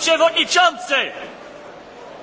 przewodniczący!